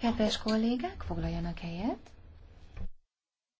Kedves kollégák, foglaljanak helyet.